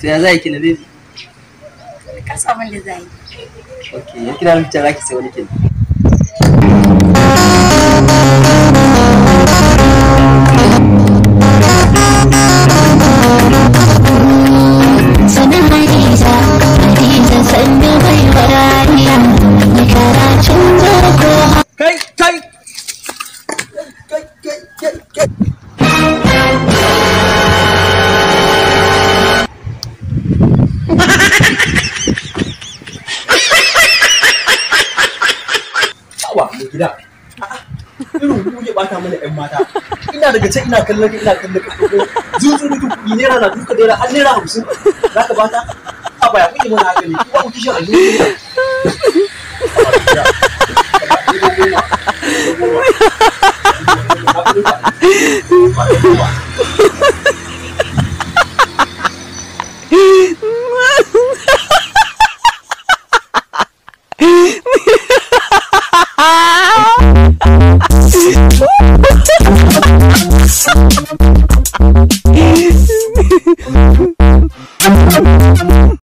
to ya zai kina baby ka samu da zai ya ki haba mai gida irin ku bata mana yan mata ina daga can ina kallon ina kallon ka ko zuzu da kuɗi naira na duka naira har naira hamsin za ka bata haba ya kuɗi mana haka ne kuma ku shi a duniya